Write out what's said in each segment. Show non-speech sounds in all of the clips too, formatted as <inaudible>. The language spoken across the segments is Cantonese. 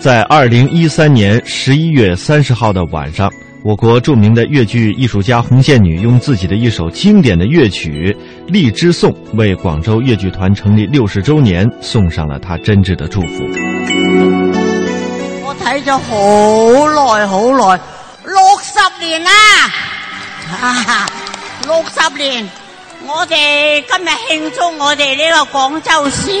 在二零一三年十一月三十號的晚上，我國著名的粵劇藝術家紅線女，用自己的一首經典的樂曲《荔枝頌》為廣州粵劇團成立六十周年送上了她真摯的祝福。我睇咗好耐，好耐，六十年啦！啊哈，六十年，我哋今日慶祝我哋呢個廣州市。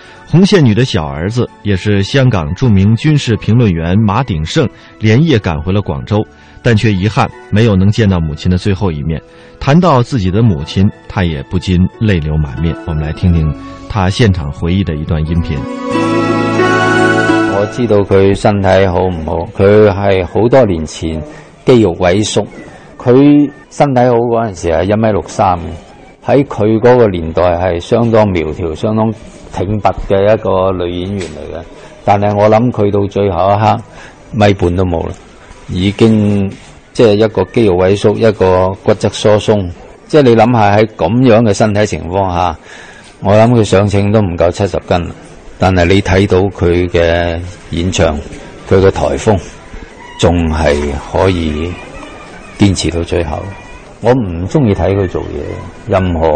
紅線女的小兒子也是香港著名軍事評論員馬鼎盛，連夜趕回了廣州，但卻遺憾沒有能見到母親的最後一面。談到自己的母親，她也不禁淚流滿面。我們來聽聽她現場回憶的一段音頻。我知道佢身體好唔好？佢係好多年前肌肉萎縮，佢身體好嗰陣時候係一米六三，喺佢嗰個年代係相當苗條，相當。挺拔嘅一個女演員嚟嘅，但係我諗佢到最後一刻米半都冇啦，已經即係一個肌肉萎縮，一個骨質疏鬆。即係你諗下喺咁樣嘅身體情況下，我諗佢上稱都唔夠七十斤。但係你睇到佢嘅演唱，佢嘅台風仲係可以堅持到最後。我唔中意睇佢做嘢，任何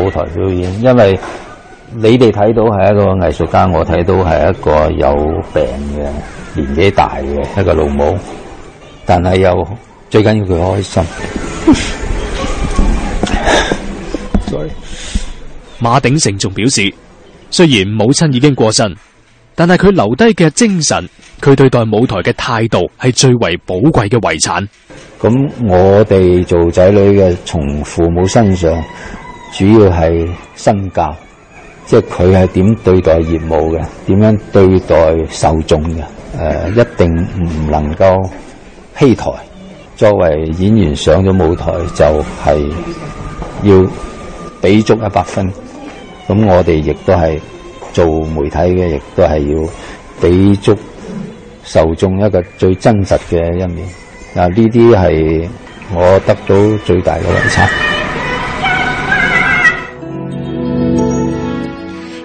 舞台表演，因為，你哋睇到係一個藝術家，我睇到係一個有病嘅年紀大嘅一個老母，但係又最緊要佢開心。馬 <laughs> Sorry 馬鼎盛仲表示，雖然母親已經過身，但係佢留低嘅精神，佢對待舞台嘅態度係最為寶貴嘅遺產。咁我哋做仔女嘅，從父母身上主要係身教。即係佢係點對待業務嘅，點樣對待受眾嘅？誒、呃，一定唔能夠欺台。作為演員上咗舞台，就係要俾足一百分。咁我哋亦都係做媒體嘅，亦都係要俾足受眾一個最真實嘅一面。嗱、啊，呢啲係我得到最大嘅遺產。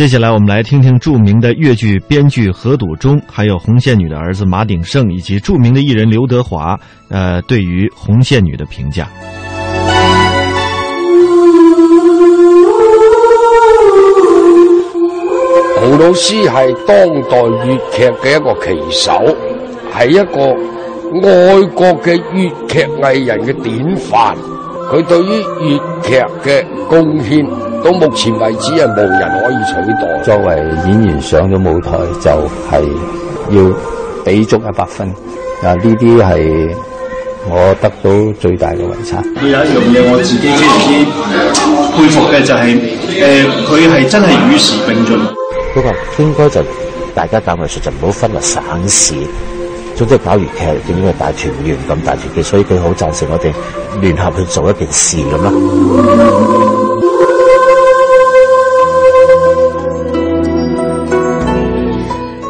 接下來，我們來聽聽著名的粵劇編劇何篤忠，還有紅線女的兒子馬鼎盛，以及著名的藝人劉德華，呃，對於紅線女的評價。胡老師係當代粵劇的一個旗手，係一個愛國嘅粵劇藝人嘅典範，佢對於粵劇的貢獻。到目前為止係冇人可以取代。作為演員上咗舞台就係、是、要俾足一百分，啊呢啲係我得到最大嘅遺產。佢有一樣嘢我自己非常之佩服嘅就係、是，誒佢係真係與時並進。不過應該就大家搞藝術就唔好分為省市，總之搞粵劇點樣大團圓咁大團結，所以佢好贊成我哋聯合去做一件事咁啦。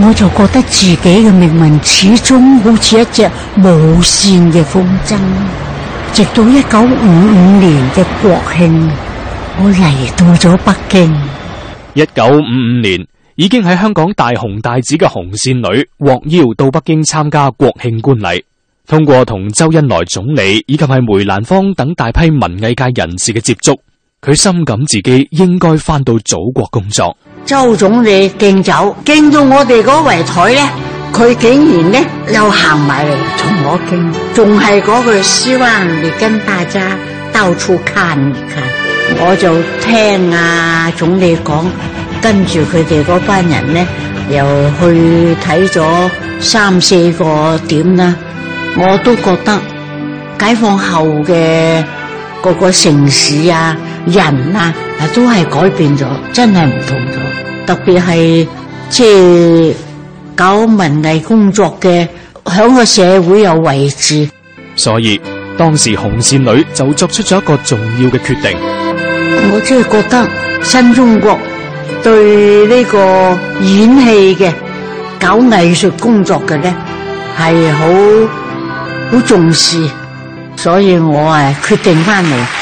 我就覺得自己嘅命運始終好似一隻無線嘅風箏。直到一九五五年嘅國慶，我嚟到咗北京。一九五五年，已經喺香港大紅大紫嘅紅線女獲邀到北京參加國慶觀禮。通過同周恩來總理以及係梅蘭芳等大批文藝界人士嘅接觸，佢深感自己應該返到祖國工作。周總理敬酒敬到我哋嗰圍台咧，佢竟然咧又行埋嚟同我敬，仲係嗰句說話，你跟大家到處看一看。我就聽啊，總理講，跟住佢哋嗰班人咧又去睇咗三四個點啦，我都覺得解放後嘅。各個城市啊，人啊，都係改變咗，真係唔同咗。特別係即係搞文藝工作嘅，響個社會有位置。所以當時紅線女就作出咗一個重要嘅決定。我即係覺得新中國對呢個演戲嘅搞藝術工作嘅咧，係好好重視。所以我啊決定翻嚟。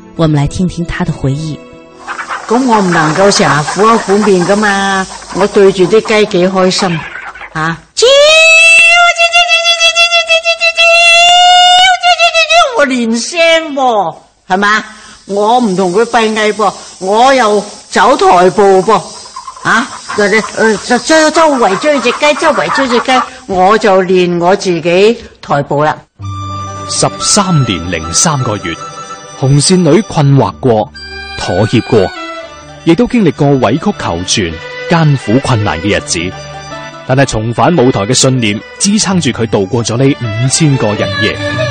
我們來聽聽他的回憶。咁我唔能夠成日苦口苦面噶嘛，我對住啲雞幾開心啊！屌！我練聲喎，係嘛？我唔同佢閉翳噃，我又走台步噃，啊！就咧，就將周圍追隻雞，周圍追隻雞，我就練我自己台步啦。十三年零三個月。紅線女困惑過，妥協過，亦都經歷過委曲求全、艱苦困難嘅日子，但係重返舞台嘅信念，支撐住佢度過咗呢五千個日夜。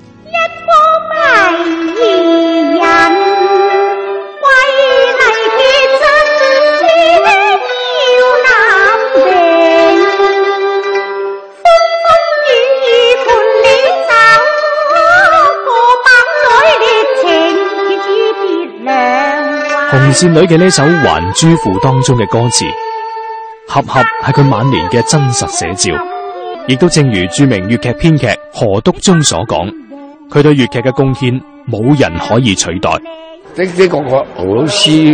紅線女嘅呢首《還珠賦》當中嘅歌詞，恰恰係佢晚年嘅真實寫照，亦都正如著名粵劇編劇何篤忠所講，佢對粵劇嘅貢獻冇人可以取代。即係個個何老師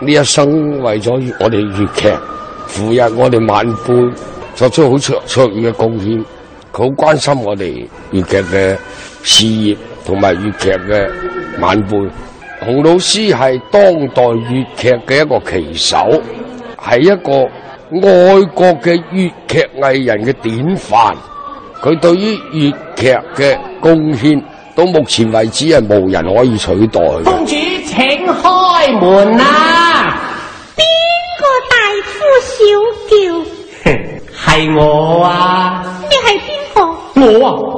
呢一生為咗我哋粵劇，扶入我哋晚輩，作出好卓卓嘅貢獻。佢好關心我哋粵劇嘅事業，同埋粵劇嘅晚輩。洪老師係當代粵劇嘅一個旗手，係一個愛國嘅粵劇藝人嘅典範。佢對於粵劇嘅貢獻，到目前為止係無人可以取代。公主請開門啦。啊！邊個大呼小叫？係 <laughs> 我啊！你係邊個？我啊！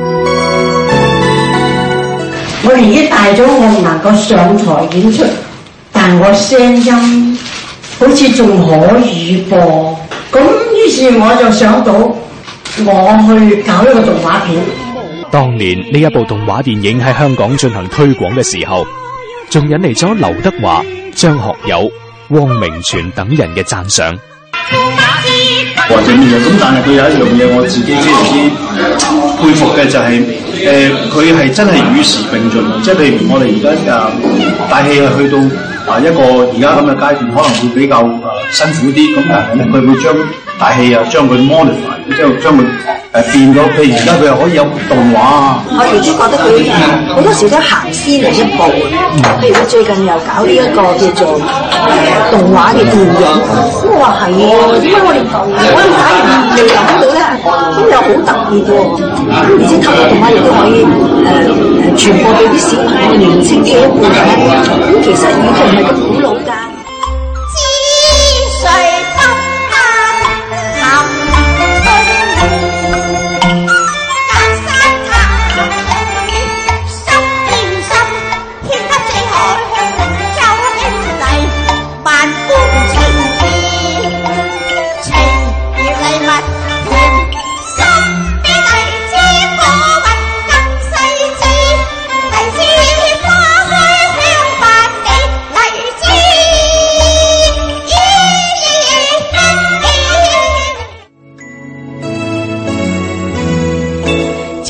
我年紀大咗，我唔能夠上台演出，但我聲音好似仲可以噃。咁於是我就想到，我去搞一個動畫片。當年呢一部動畫電影喺香港進行推廣嘅時候，仲引嚟咗劉德華、張學友、汪明荃等人嘅讚賞。 <laughs> 或者咁？但係佢有一樣嘢，我自己非常之佩服嘅就係、是，誒、呃，佢係真係與時並進。即係譬如我哋而家啊，大戲係去到啊一個而家咁嘅階段，可能會比較啊、呃、辛苦啲。咁但係佢會將大戲啊，將佢 modify，將將佢誒變咗。譬如而家佢又可以有動畫，我亦都覺得佢好多時都行先嚟一步。譬如佢最近又搞呢一個叫做誒動畫嘅電影，咁我話係喎！點解、哦、我哋舊動畫入邊未諗到咧？咁、嗯、又好特別喎！嗯、而且透過動畫亦都可以誒、呃、傳播俾啲小朋友認識嘅一部嘢。咁、嗯嗯、其實粵劇唔係咁古老㗎。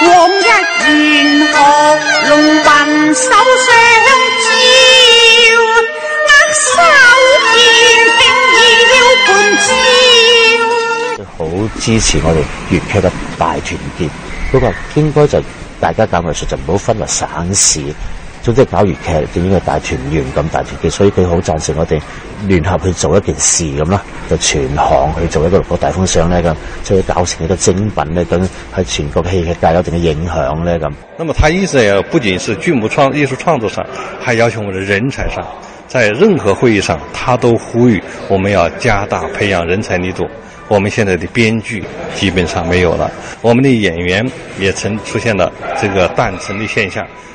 佢好支持我哋粵劇嘅大團結，不過應該就大家搞藝術就唔好分為省市。總之搞粵劇就應該大團圓咁大團結，所以佢好贊成我哋聯合去做一件事咁啦，就全行去做一個六個大風尚咧咁，就會搞成一個精品咧，等喺全國戲劇界有一定嘅影響咧咁。那麼他一直要，不僅是劇目創藝術創作上，還要求我們人才上，在任何會議上，他都呼籲我們要加大培養人才力度。我們現在的編劇基本上沒有啦，我們的演員也曾出現了這個斷層的現象。